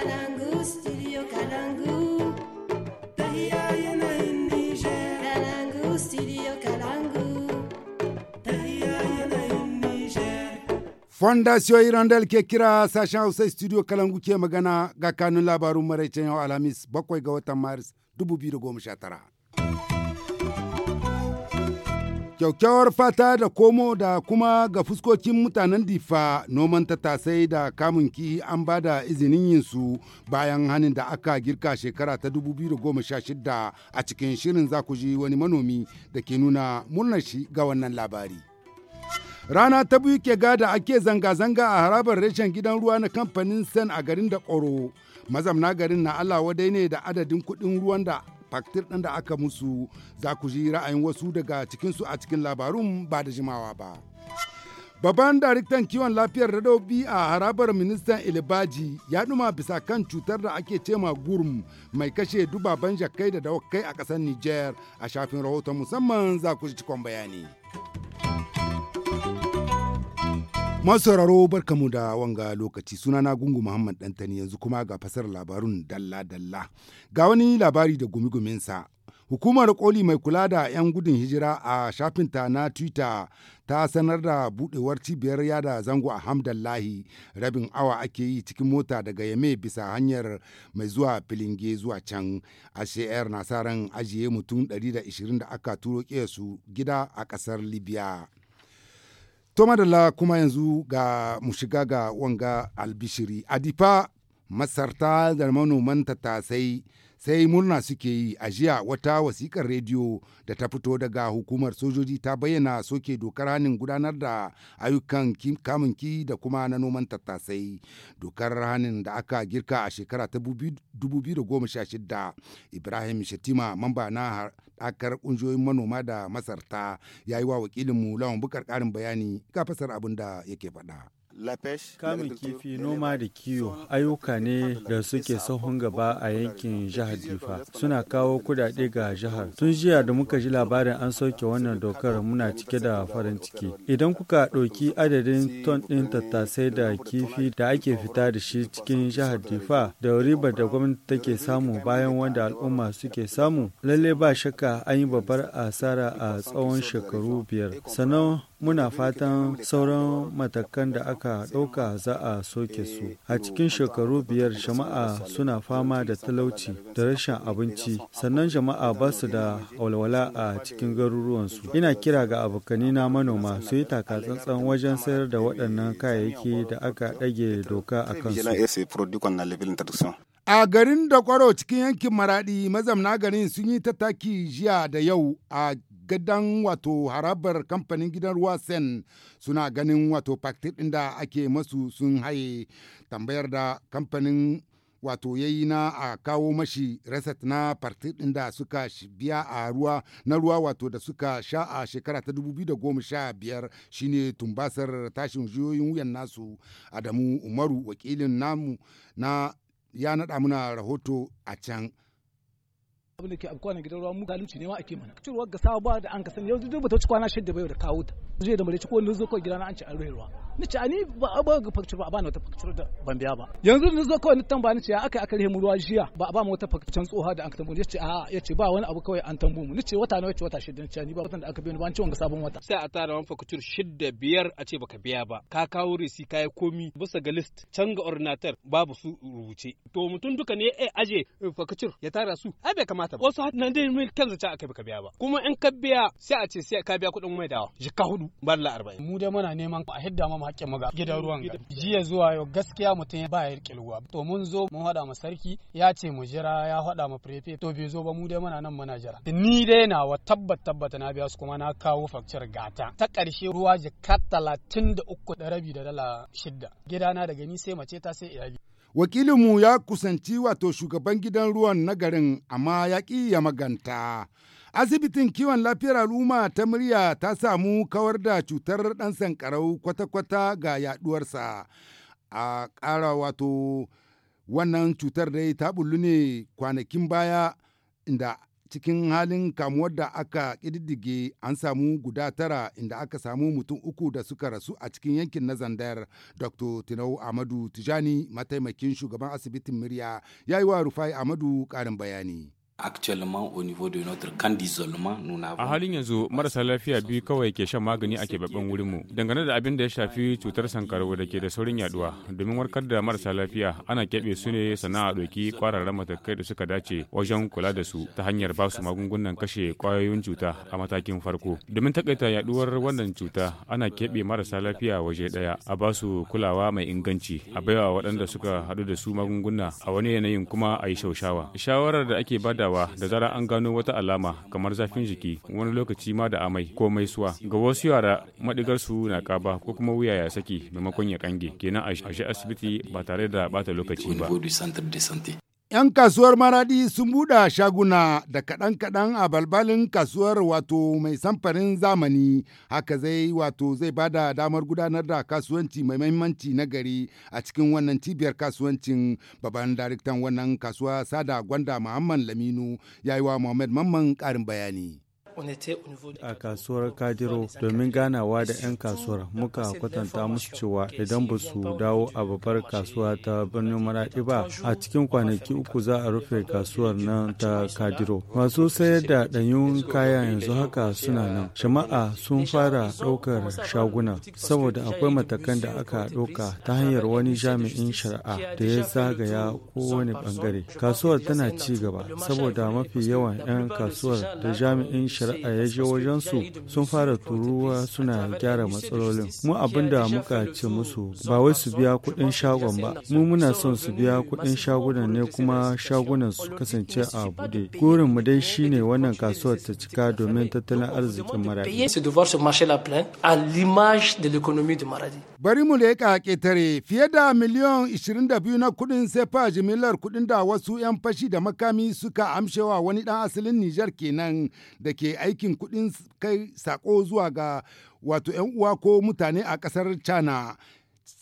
Kalangu, studio Kalangu. Fondation Hirondelle ke kira sashen Hausa studio Kalangu ke magana ga kanun labarun maraicen yau Alhamis bakwai ga watan Maris 2019. kyaukyawar fata da komo da kuma ga fuskokin mutanen difa noman tattasai da kamun ki an ba da izinin yin su bayan hannun da aka girka shekara ta 2016 a cikin shirin zakuji wani manomi da ke nuna murnar shi ga wannan labari. Rana ta biyu ke gada ake zanga-zanga a harabar reshen gidan ruwa na kamfanin Sen a garin da Mazamna garin na Allah wadai ne da adadin kuɗin ruwan da faktir ɗin da aka musu za ku ji ra'ayin wasu daga cikinsu a cikin labarun ba da jimawa ba. Babban daraktan kiwon lafiyar Radobi a harabar ministan Ilibaji ya ɗuma bisa kan cutar da ake cema gurum mai kashe dubaban jakai da dawakai a ƙasar Nijar a shafin rahoton musamman za ku ji cikon bayani. masauraro barkamu da wanga lokaci sunana gungu muhammad dantani yanzu kuma ga fasar labarun dalla-dalla ga wani labari da gumi-guminsa hukumar koli mai kula da 'yan gudun hijira a shafinta na twitter ta sanar da buɗewar cibiyar yada zango a hamdallahi rabin awa ake yi cikin mota daga yame bisa hanyar mai zuwa filinge zuwa can ashiyar nasarar ajiye mutum 120 da aka turo su gida a ƙasar libya To madalla kuma yanzu ga mu shiga ga wanga albishiri. Adifa masarta da manoman tattasai sai murna suke yi a jiya wata wasikar rediyo da ta fito daga hukumar sojoji ta bayyana soke dokar hannun gudanar da ayyukan kamun ki da kuma na noman tattasai dokar hannun da aka girka a shekara ta 2016 ibrahim shatima mamba na haɗakar ƙungiyoyin manoma da masarta ya yi wa wakilinmu lawan bukar ƙarin bayani ga fasar abin da yake faɗa. Kamun kifi noma da kiwo ayyuka ne da suke sahun gaba a yankin jihar Difa suna kawo kudade ga jihar. Tun jiya da muka ji labarin an sauke wannan dokar muna cike da farin ciki. Idan kuka ɗauki adadin ton ɗin tattasai da kifi da ake fita da shi cikin jihar Difa da ribar da gwamnati take samu bayan wanda al'umma suke samu, lalle ba shakka an yi babbar asara a tsawon shekaru biyar. Sannan muna fatan sauran matakan da aka ɗauka za a soke su a cikin shekaru biyar jama'a suna fama da talauci da rashin abinci sannan jama'a ba su da walwala a cikin garuruwansu ina kira ga abokani na manoma su yi takatsantsan wajen sayar da waɗannan kayayyaki da aka ɗage doka a kansu a garin da kwaro cikin yankin maradi mazamna garin sun yi tattaki jiya da yau a gadan wato harabar kamfanin gidan ruwa sen suna ganin wato faktir ɗin da ake masu sun haye tambayar da kamfanin wato ya yi na a kawo mashi reset na partit ɗin da suka biya a ruwa na ruwa wato da suka sha a shekara ta 2015 shine tumbasar tashin jiyoyin wuyan nasu adamu umaru wakilin namu na ya naɗa muna rahoto a can abin da ke abu kwanan gidan ruwa mu galuci ne ma ake mana cirwar ga sabuwa da an kasan yau duk ba ta wuce kwana shidda bai da kawo ta zai da mare ci ko zo ko gidana an ci an ruwa ni ce ani ba ba ga facture ba ba wata facture da ban biya ba yanzu ni zo kawai ni tamba ni ce aka aka rihim ruwa jiya ba ba mu wata facture tsoha da an tambu ni ce a ya ce ba wani abu kawai an tambu mu ni ce wata nawa ce wata shida ni ce ni ba wata da aka biya ni ba an ce wanga sabon wata sai a tara wani facture shida biyar a ce baka biya ba ka kawo resi kai komi bisa ga list can ga ordinator babu su rubuce to mutum duka ne eh aje facture ya tara su ai bai kamata ba wasu nan da mil kanzu ta aka biya ba kuma in ka biya sai a ce sai ka biya kuɗin mai dawa jikka hudu balla 40 mu dai muna neman a hidda mu haƙƙin maga gidan ruwan gari. jiya zuwa yau gaskiya mutum ba ya riƙe ruwa to mun zo mun haɗa ma sarki ya ce mu jira ya haɗa ma prefe to bai zo ba mu dai muna nan muna jira ni dai na wa tabbat tabbata na biya su kuma na kawo fakcir gata ta ƙarshe ruwa ka talatin da uku da rabi da dala shidda gidana daga ni sai mace ta sai iyali wakilinmu ya kusanci wato shugaban gidan ruwan na garin amma ya ƙi ya maganta Asibitin kiwon lafiyar al'umma ta murya ta samu kawar da cutar ɗan sankarau kwata-kwata ga yaɗuwarsa. A ƙara wato wannan cutar dai ta bullu ne kwanakin baya inda cikin halin kamuwar da aka ƙididdige an samu guda tara inda aka samu mutum uku da suka rasu a cikin yankin na zandar dr tinau amadu tijani mataimakin shugaban asibitin murya ya yi wa rufai amadu ƙarin bayani A halin yanzu marasa lafiya biyu kawai ke shan magani a keɓaɓɓen wurinmu dangane da abin da ya shafi cutar sankarau da ke da saurin yaduwa domin warkar da marasa lafiya ana keɓe su ne sana'a ɗauki ƙwararren matakai da suka dace wajen kula da su ta hanyar ba su magungunan kashe kwayoyin cuta a matakin farko domin takaita yaduwar wannan cuta ana keɓe marasa lafiya waje ɗaya a ba su kulawa mai inganci a baiwa waɗanda suka hadu da su magunguna a wani yanayin kuma a yi shaushawa shawarar da ake bada juyawa da zara an gano wata alama kamar zafin jiki wani lokaci ma da amai ko mai suwa ga wasu yara madigar su na kaba ko kuma wuya ya saki maimakon ya kange kenan a shi asibiti ba tare da bata lokaci ba 'Yan kasuwar maradi sun buɗe shaguna da kaɗan-kaɗan a balbalin kasuwar wato mai samfarin zamani haka zai wato zai ba da damar gudanar da kasuwanci mai mahimmanci na gari a cikin wannan cibiyar kasuwancin babban daraktan wannan kasuwa Sada Gwanda Muhammad Laminu ya yi wa Muhammad Mamman ƙarin bayani. a kasuwar kadiro domin ganawa da 'yan kasuwar muka kwatanta musu cewa idan ba su dawo a babbar kasuwa ta birnin maraɗi ba a cikin kwanaki uku za a rufe kasuwar nan ta kadiro masu sayar da ɗanyun kaya yanzu haka suna nan shama'a sun fara ɗaukar shaguna saboda akwai matakan da aka ɗauka ta hanyar wani jami'in shari'a da ya zagaya kowane bangare kasuwar tana ci gaba saboda mafi yawan 'yan kasuwar da jami'in shari'a ya je wajensu sun fara turuwa suna gyara matsalolin mu abin da muka ce musu ba wai su biya kuɗin shagon ba mu muna son su biya kuɗin shagunan ne kuma shagunan su kasance a bude gurin mu dai shine wannan kasuwar ta cika domin tattalin arzikin maradi bari mu leƙa ƙetare fiye da miliyan 22 na kuɗin sefa jimillar kuɗin da wasu 'yan fashi da makami suka amshewa wani ɗan asalin Nijar kenan da ke ke aikin kudin kai sako zuwa ga wato 'yan uwa ko mutane a kasar China.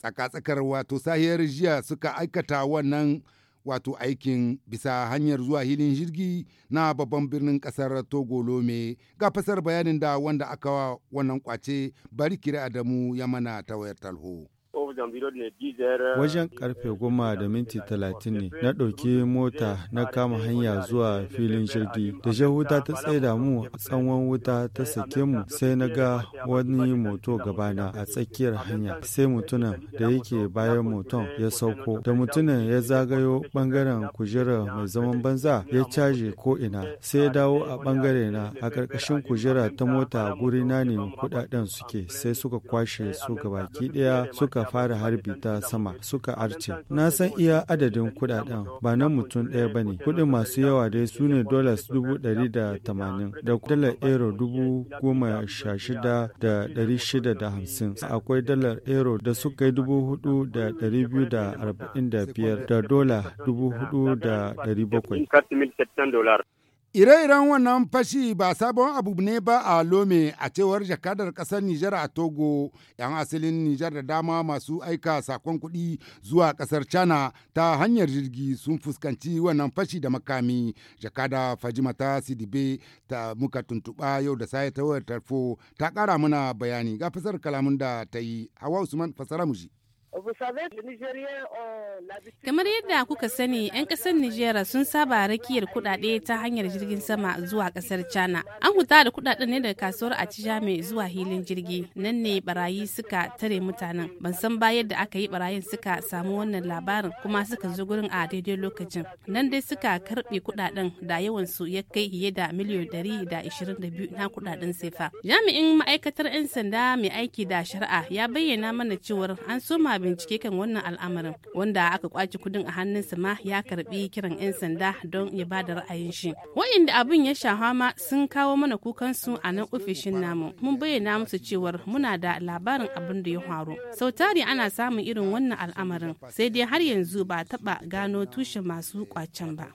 Tsaka-tsakar wato sahiyar jiya suka aikata wannan wato aikin bisa hanyar zuwa hilin jirgi na babban birnin kasar togo lome ga fasar bayanin da wanda aka wannan kwace bari kira adamu ya mana ta wayar talho. Uh, Wajen karfe uh, goma da minti talatin ne na ɗauki mota uh, na kama hanya zuwa filin jirgi. Da ja wuta ta tsaida mu a tsawon wuta ta sake mu sai na ga wani moto gabana a tsakiyar hanya. Sai mutunan da yake bayan moton ya sauko. Da mutunan ya zagayo bangaren kujerar mai zaman banza ya caje ko ina sai ya dawo a bangare na a ƙarƙashin kujera ta mota guri na ne kudaden suke sai suka kwashe su gabaki ɗaya suka fa fara harbi ta sama suka arce. Na san iya adadin kudaden ba na mutum ɗaya ba ne. Kudin masu yawa dai su ne dollars dubu ɗari da tamanin da dalar euro dubu goma sha shida da ɗari shida da hamsin. Akwai dalar euro da suka yi dubu hudu da ɗari biyu da arba'in da biyar da dola dubu hudu da ɗari bakwai. Ire-iren wannan fashi ba sabon abu ne ba a Lome a cewar jakadar kasar Nijar a Togo, ‘yan asalin Nijar da dama masu aika sakon kuɗi zuwa kasar China ta hanyar jirgi sun fuskanci wannan fashi da makami. Jakada Fajimata Sidibe ta muka tuntuɓa yau da sai ta wayar tarfo ta kara mana bayani ga fasar kalamun da ta yi. Hawa Usman fasara muji Euh, Kamar yadda kuka sani, 'yan ƙasar Nijera sun saba rakiyar kuɗaɗe ta hanyar euh, jirgin sama zuwa kasar China. An huta da kuɗaɗen ne daga kasuwar mai zuwa hilin jirgi, nan ne barayi suka tare mutanen. Ban san ba yadda aka yi barayin suka samu wannan labarin kuma suka zo gurin a daidai lokacin. Nan dai suka karɓe kuɗaɗen da yawan su ya kai fiye da miliyan ɗari da ishirin da biyu na kuɗaɗen sefa. Jami'in ma'aikatar 'yan sanda mai aiki da shari'a ya bayyana mana cewar an soma a bincike kan wannan al'amarin wanda aka kwaci kudin a hannunsa ma ya karbi kiran 'yan sanda don ya ba da ra'ayin shi wa'inda abin ya shafa ma sun kawo mana kukan su a nan ofishin namu mun bayyana musu cewar muna da labarin abin da ya faru sau tari ana samun irin wannan al'amarin sai dai har yanzu ba taba gano tushen masu kwacen ba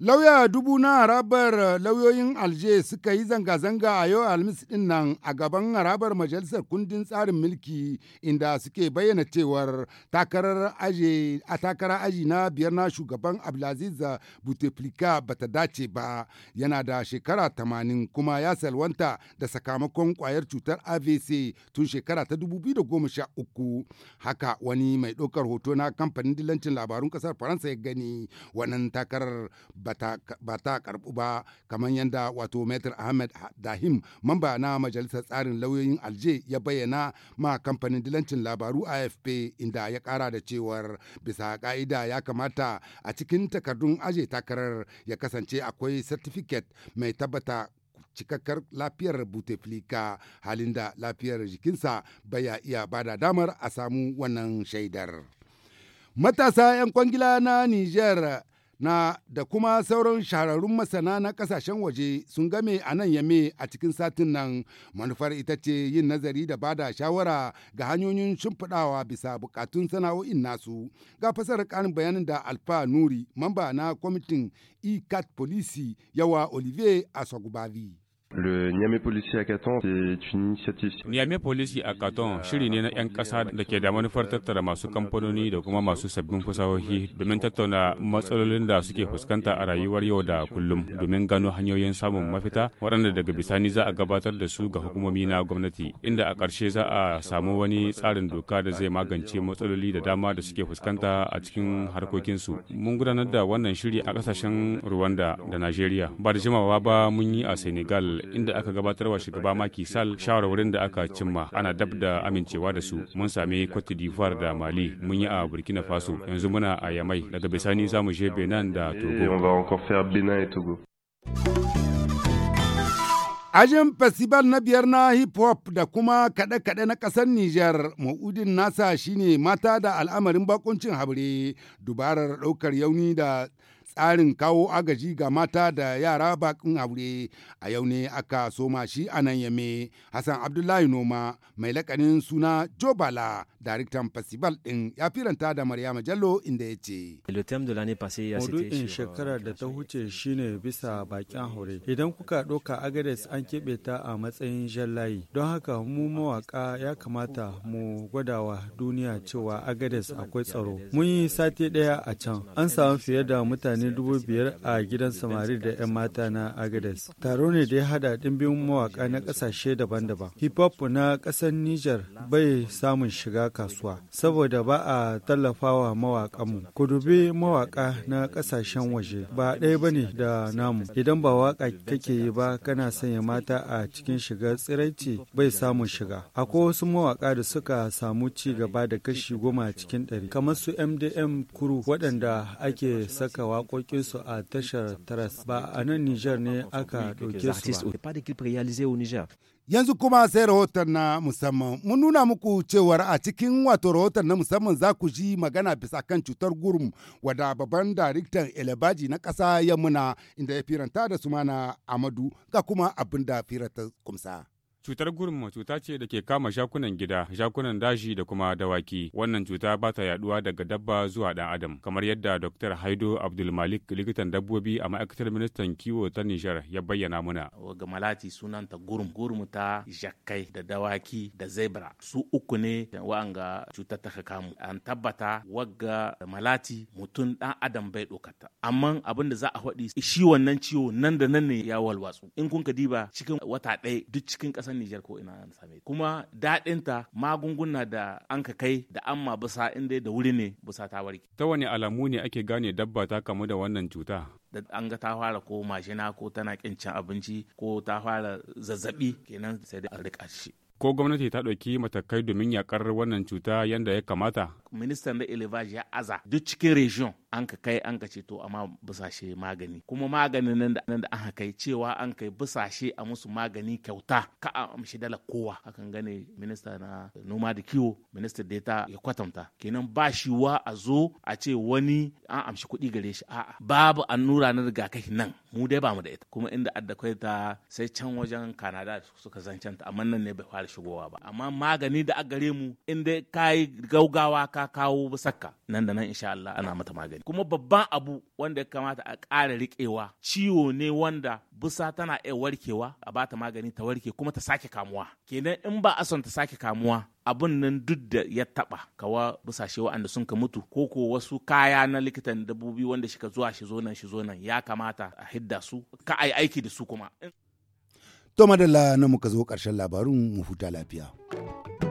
Lauya dubu na harabar lauyoyin Alje suka yi zanga-zanga a yau Alhamis din nan a gaban harabar Majalisar Kundin Tsarin Mulki inda suke bayyana cewar takarar aji na biyar na shugaban Abdulaziz Bouteflika bata dace ba yana da shekara 80 kuma ya salwanta da sakamakon kwayar cutar AVC tun shekara ta 2013 haka wani mai ɗaukar hoto na kamfanin dillancin labarun ƙasar Faransa ya gani wannan takarar ba ta karbu ba kamar yadda wato metr Ahmed Dahim mamba na majalisar tsarin lauyoyin Alje ya bayyana ma kamfanin dilancin labaru AFP inda ya kara da cewar bisa ka'ida ya kamata a cikin takardun aje takarar ya kasance akwai certificate mai tabbata cikakkar lafiyar buteflika halin da lafiyar jikinsa baya iya bada damar a samu wannan shaidar. Matasa 'yan kwangila na niger. na da kuma sauran shahararrun masana na kasashen waje sun game a nan yame a cikin satin nan manufar ita ce yin nazari da bada shawara ga hanyoyin shimfiɗawa bisa bukatun sana'o'in nasu ga fasar ƙarin bayanin da alfa nuri mamba na kwamitin icat e polisi yawa olivier asogubari. Le Niamey Policy Hackathon est une initiative. Niamey Policy Hackathon shiri ne na 'yan ƙasa da ke da manufar tattara masu kamfanoni da kuma masu sabbin fasahohi domin tattauna matsalolin da suke fuskanta a rayuwar yau da kullum domin gano hanyoyin samun mafita waɗanda daga bisani za a gabatar da su ga hukumomi na gwamnati inda a ƙarshe za a samu wani tsarin doka da zai magance matsaloli da dama da suke fuskanta a cikin harkokinsu. Mun gudanar da wannan shiri a ƙasashen Rwanda da Najeriya ba da jimawa ba mun yi a Senegal inda aka gabatar wa shugaba maki sal shawarwarin da aka cimma ana dab da amincewa da su. Mun sami Cote d'Ivoire da Mali mun yi a Burkina Faso yanzu muna a Yamai daga bisani za mu je Benin da Togo. Ajin festival na biyar na hip hop da kuma kaɗe-kaɗe na ƙasar Nijar, ma'udin nasa shine mata da al'amarin bakuncin habre, dubarar ɗaukar yauni da tsarin kawo agaji ga mata da yara bakin aure a yau ne aka soma shi a nan yame hassan abdullahi noma mai lakanin suna jobala daraktan festival din ya firanta da maryama jallo inda ya ce in shekarar euh, da ta huce shine bisa bakin aure idan kuka ɗauka agades an keɓe ta a matsayin jallayi don haka mu mawaka ya kamata mu gwadawa duniya cewa agades akwai tsaro mun yi sati ɗaya a can an samu fiye da mutane mutane dubu biyar a gidan samari da 'yan mata na Agades. Taro ne da ya haɗa ɗimbin mawaƙa na kasashe daban-daban. Hip hop na ƙasar Nijar bai samun shiga kasuwa saboda ba a tallafawa mu, Ku dubi mawaƙa na ƙasashen waje ba ɗaya ne da namu. Idan ba waƙa kake yi ba kana sanya mata a cikin shiga tsiraici bai samun shiga. Akwai wasu mawaka da suka samu ci gaba da kashi goma cikin ɗari kamar su MDM kuru waɗanda ake saka waƙa waƙoƙinsu a tashar taras ba a nan Nijar ne aka ɗauke su ba. Yanzu kuma sai rahoton na musamman. Mun nuna muku cewar a cikin wato rahoton na musamman za ku ji magana bisa kan cutar gurum wadda babban daraktan elebaji na ƙasa ya muna inda ya firanta da sumana Amadu ga kuma abin da firanta kumsa. Cutar gurma cuta ce da ke kama shakunan gida, shakunan daji da kuma dawaki. Wannan cuta ba ta yaduwa daga dabba zuwa ɗan adam. Kamar yadda Dr. Haido Abdulmalik likitan dabbobi a ma'aikatar ministan kiwo ta Nijar ya bayyana muna. Ga malati sunanta gurm. Gurm ta jakkai da dawaki da zebra. Su uku ne wa'anga cutar ta kamu. An tabbata wagga malati mutum dan adam bai dokata Amma abin da za a faɗi shi wannan ciwo nan da nan ne ya walwatsu. In kun ka diba cikin wata ɗaya duk cikin ƙasa nan Nijar ko ina an same kuma daɗinta magunguna da an ka kai da amma bisa inda da wuri ne bisa ta warke ta wani alamu ne ake gane dabba ta kamu da wannan cuta da an ga ta fara ko mashina ko tana kin cin abinci ko ta fara zazzabi kenan sai da a rika shi ko gwamnati ta ɗauki matakai domin yakar wannan cuta yadda ya kamata ministan da elevage ya aza duk cikin region an ka kai an ka ceto to amma busashe magani kuma maganin nan da nan da an kai cewa an kai busashe a musu magani kyauta ka a amshi dala kowa akan gane minista na noma da kiwo minista ta ya kwatanta kenan ba shi wa a zo a ce wani an amshi kuɗi gare shi a'a babu annura na rigakafi nan mu dai ba mu da ita kuma inda adda ta sai can wajen kanada suka zancanta amma nan ne bai fara shigowa ba amma magani da a gare mu in kai gaugawa ka kawo sakka nan da nan insha Allah ana mata magani kuma babban abu wanda ya kamata a ƙara riƙewa ciwo ne wanda busa tana iya warkewa a bata magani ta warke kuma ta sake kamuwa kenan in ba a son ta sake kamuwa abun nan duk da ya taba kawa busashe waɗanda sun ka mutu ko ko wasu kaya na likitan dabbobi wanda shi ka zuwa shi zo nan shi zo nan ya kamata a hidda su ka ai aiki da su kuma to madalla nan muka zo karshen labarun mu huta lafiya